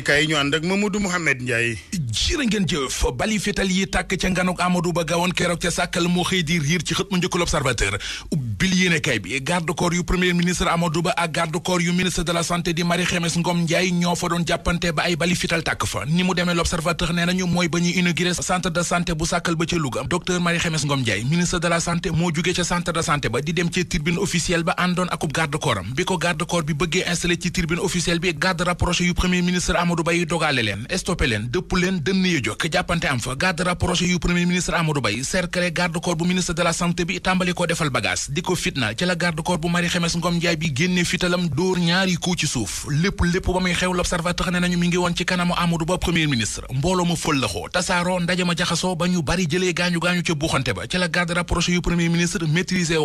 kay ñu ànd ak Mamadou Mouhamed Ndiaye jërë ngeen jëf bali fetal yi tàkk ca nganuk Amadou Ba gawoon keroog ca sàkkal moo xëy di riir ci xët mu njëkk l'Observateur ubbil yéene kay bi garde corps yu premier ministre Amadou Ba ak garde corps yu ministre de la santé di Marie Khemesse Ngom Ndiaye ñoo fa doon jàppante ba ay bali fetal tàkk fa ni mu demee l'Observateur nee nañu mooy ba ñuy inauguré centre de santé bu sàkkal ba ca Louga docteur Marie Khemesse Ngom Ndiaye ministre de la santé moo jugee ca centre de santé ba di dem ci tribune officielle ba àndoon akub garde corps am bi ko garde corps bi bëggee installé ci tribune officielle bi garde rapproché yu premier ministre Amadou Ba yi dogale leen stoppé leen dëpp leen dënn yi jàppante am fa garde rapproché yu yu premier ministre maîtriser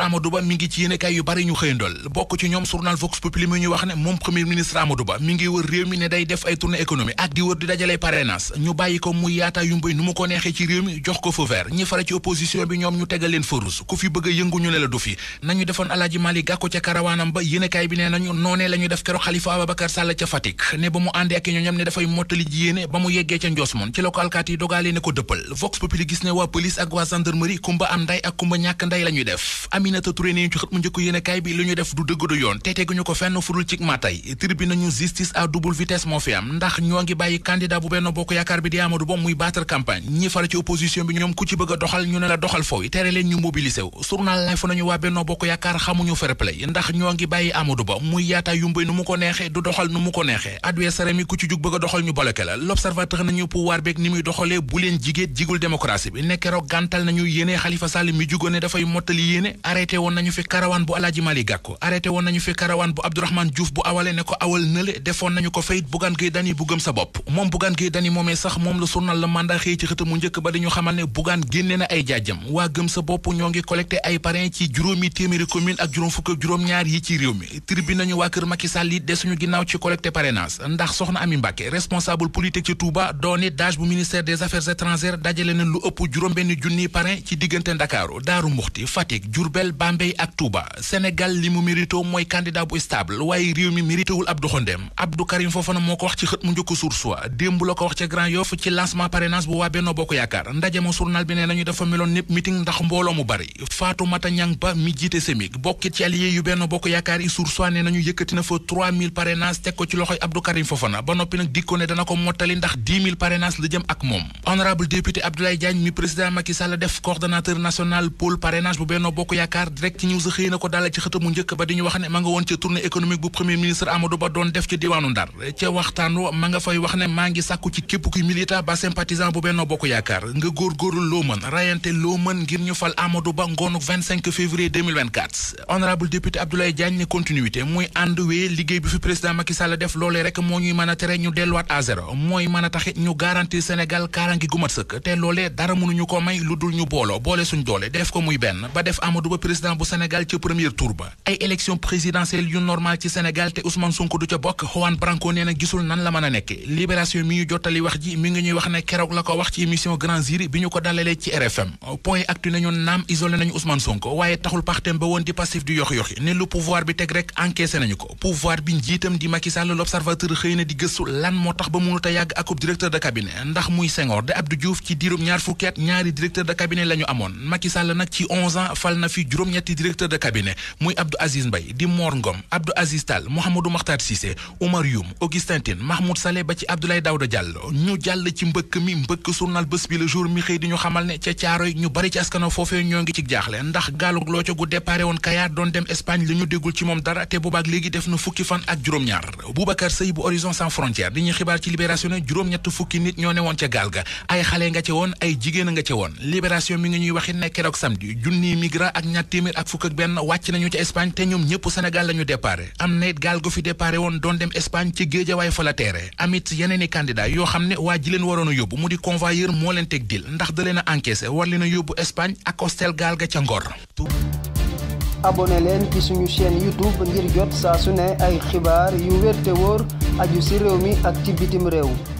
ba ñu ngi ci yéene yu bari ñu xëyandoo dundal bokk ci ñoom journal Vox Populi mi ñuy wax ne moom premier ministre Amadou Ba mi ngi wër réew mi ne day def ay tournée économique ak di wër di dajale parrainage ñu bàyyi ko muy yaata yumbay nu mu ko neexee ci réew mi jox ko feu vert fara ci opposition bi ñoom ñu tegal leen feu ku fi bëgg yëngu ñu ne la du fi nañu defoon Alaaji Malick Gakou ca karawaanam ba yéenekaay bi nee nañu noonee la def keroog Khalifa Ababacar Sall ca Fatick ne ba mu àndee ak ñoom ne ñu def du ko fenn furul cig matay tribune ñu justice à double vitesse moo fi am ndax ñoo ngi bàyyi candidat bu benn bokk yaakaar bi di Amadou Ba muy yaata yumbay nu mu ko neexe du doxal nu mu ko neexe adversaire mi ku ci jug bëgg doxal ñu bloqué la l'observateur nañu yéene Xalifa Sall mi jugoon dafay mottali yéene arrêté woon nañu fi karawaan bu Alaaji Malik sàkku arrêté woon nañu fi karawaan bu Abdourahmane Diouf bu awale ne ko awal nële defoon nañu ko fayit Bougane Gueye Dany bu gëm sa bopp moom Bougane Gueye Dany moomee sax moom la journal Le Mandat xëy ci xëta mu njëkk ba dañu xamal ne Bougane génne na ay jaajam waa gëm sa bopp ñoo ngi collecté ay parrain ci juróomi téeméeri commune ak juróom fukk ak juróom ñaar yi ci réew mi tribune nañu waa kër Macky Sall yi desuñu ginnaaw ci collecté parrainage ndax soxna Ami Mbàkke responsable politique ci Touba doone dage bu ministère des affaires étrangères na ëpp juróom benn junniy parrain ci diggante Ndakaaru Daaru Muxti Fatick Jurbel Bambey ak Touba Sénégal li mu mérito mooy candidat bu stable waaye réew mi méritowul Abdou Xondem Abdou Karim Fofana moo ko wax ci xët mu njëkk Source démb la ko wax ca Grand Yoff ci lancement parrainage bu waa Benno Bokk Yaakaar ndaje ma journal bi nee nañu dafa meloon népp meeting ndax mbooloo mu bari Fatoumata Niang Ba mi jiite semik bokkit ci allié yu Benno Bokk Yaakaar yi Source A nee nañu yëkkati na fa 3000 parrainage teg ko ci loxoy Abdou Karim Fofana na ko dala njëkk ba di ñu wax ne ma nga woon ca tournée économique bu premier ministre Amadou Ba doon def ca diwaanu Ndar ca waxtaanu ma nga fay wax ne maa ngi sàkku ci képp kuy militant ba sympathisant bu Benno Bokk Yaakaar nga góorgóorlu loo mën rayante loo mën ngir ñu fal Amadou Ba ngoonu février honorable député Abdoulaye Diagne ne continuité muy ànd wee liggéey bi fi président Macky Sall def loolee rek moo ñuy mën a tere ñu delluwaat à zéro mooy mën a taxit ñu garantir Sénégal kaarangi gu mat sëkk te loolee dara mënuñu ko may lu ñu booloo boole suñ doole def ko muy benn ba def Amadou ba ay élection présidentielle yu normal ci Sénégal te Ousmane Sonko du ca bokk Juan Branco nee na gisul nan la mën a nekk libération mi ñu jottali wax ji mi ngi ñuy wax ne keroog la ko wax ci émission Grand Jury bi ñu ko dalalee ci RFM point actu nañu naam isolé nañu Ousmane Sonko waaye taxul partem ba woon di passif di yox yoxi ne lu pouvoir bi teg rek encaissé nañu ko pouvoir bi njiitam di Macky Sall l'observateur xëy na di gëstu lan moo tax ba mënut a yàgg akub directeur de cabinet ndax muy Senghor de Abdou Diouf ci diirum ñaar fukki at ñaari directeur Aziz Mbaye di Mor Ngom Abdou Aziz Tall Mouhamadou Makhtar Cissé Oumar Youm Augustin Tine Mahmoud Saleh ba ci Abdoulaye Daouda Diallo ñu jàll ci mbëkk mi mbëkk journal bés bi le jour mi xamal ne ca Caaroy ñu bari ci askana foofee ñoo ngi ci jaaxle ndax gaalug looco gu déparé woon Kayar doon dem Espagne li ñu déggul ci moom dara te boobaak léegi def na fukki fan ak juróom-ñaar Boubacar Seye bu Horizon Sans Frontières di ñu xibaar ci Libération ne juróom-ñett nga ca woon ay jigéen a mi ngi ñuy waxit ne keroog samedi junniy migrant ak wàcc nañu ca te ñoom ñëpp Sénégal la ñu déparé am na it gaal gu fi déparé woon doon dem Espagne ci géejawaay fa la teere amit yeneen i candidat yoo xam ne waa ji leen waroon a yóbbu mu di convoyeur moo leen teg dil ndax da leen a encaissé war leena yóbbu Espagne ak hostel gaal ga ca Ngor abonné leen ci suñu chaîne YouTube ngir jot saa su ne ay xibaar yu wér wóor aju ci réew mi ak ci bitim réew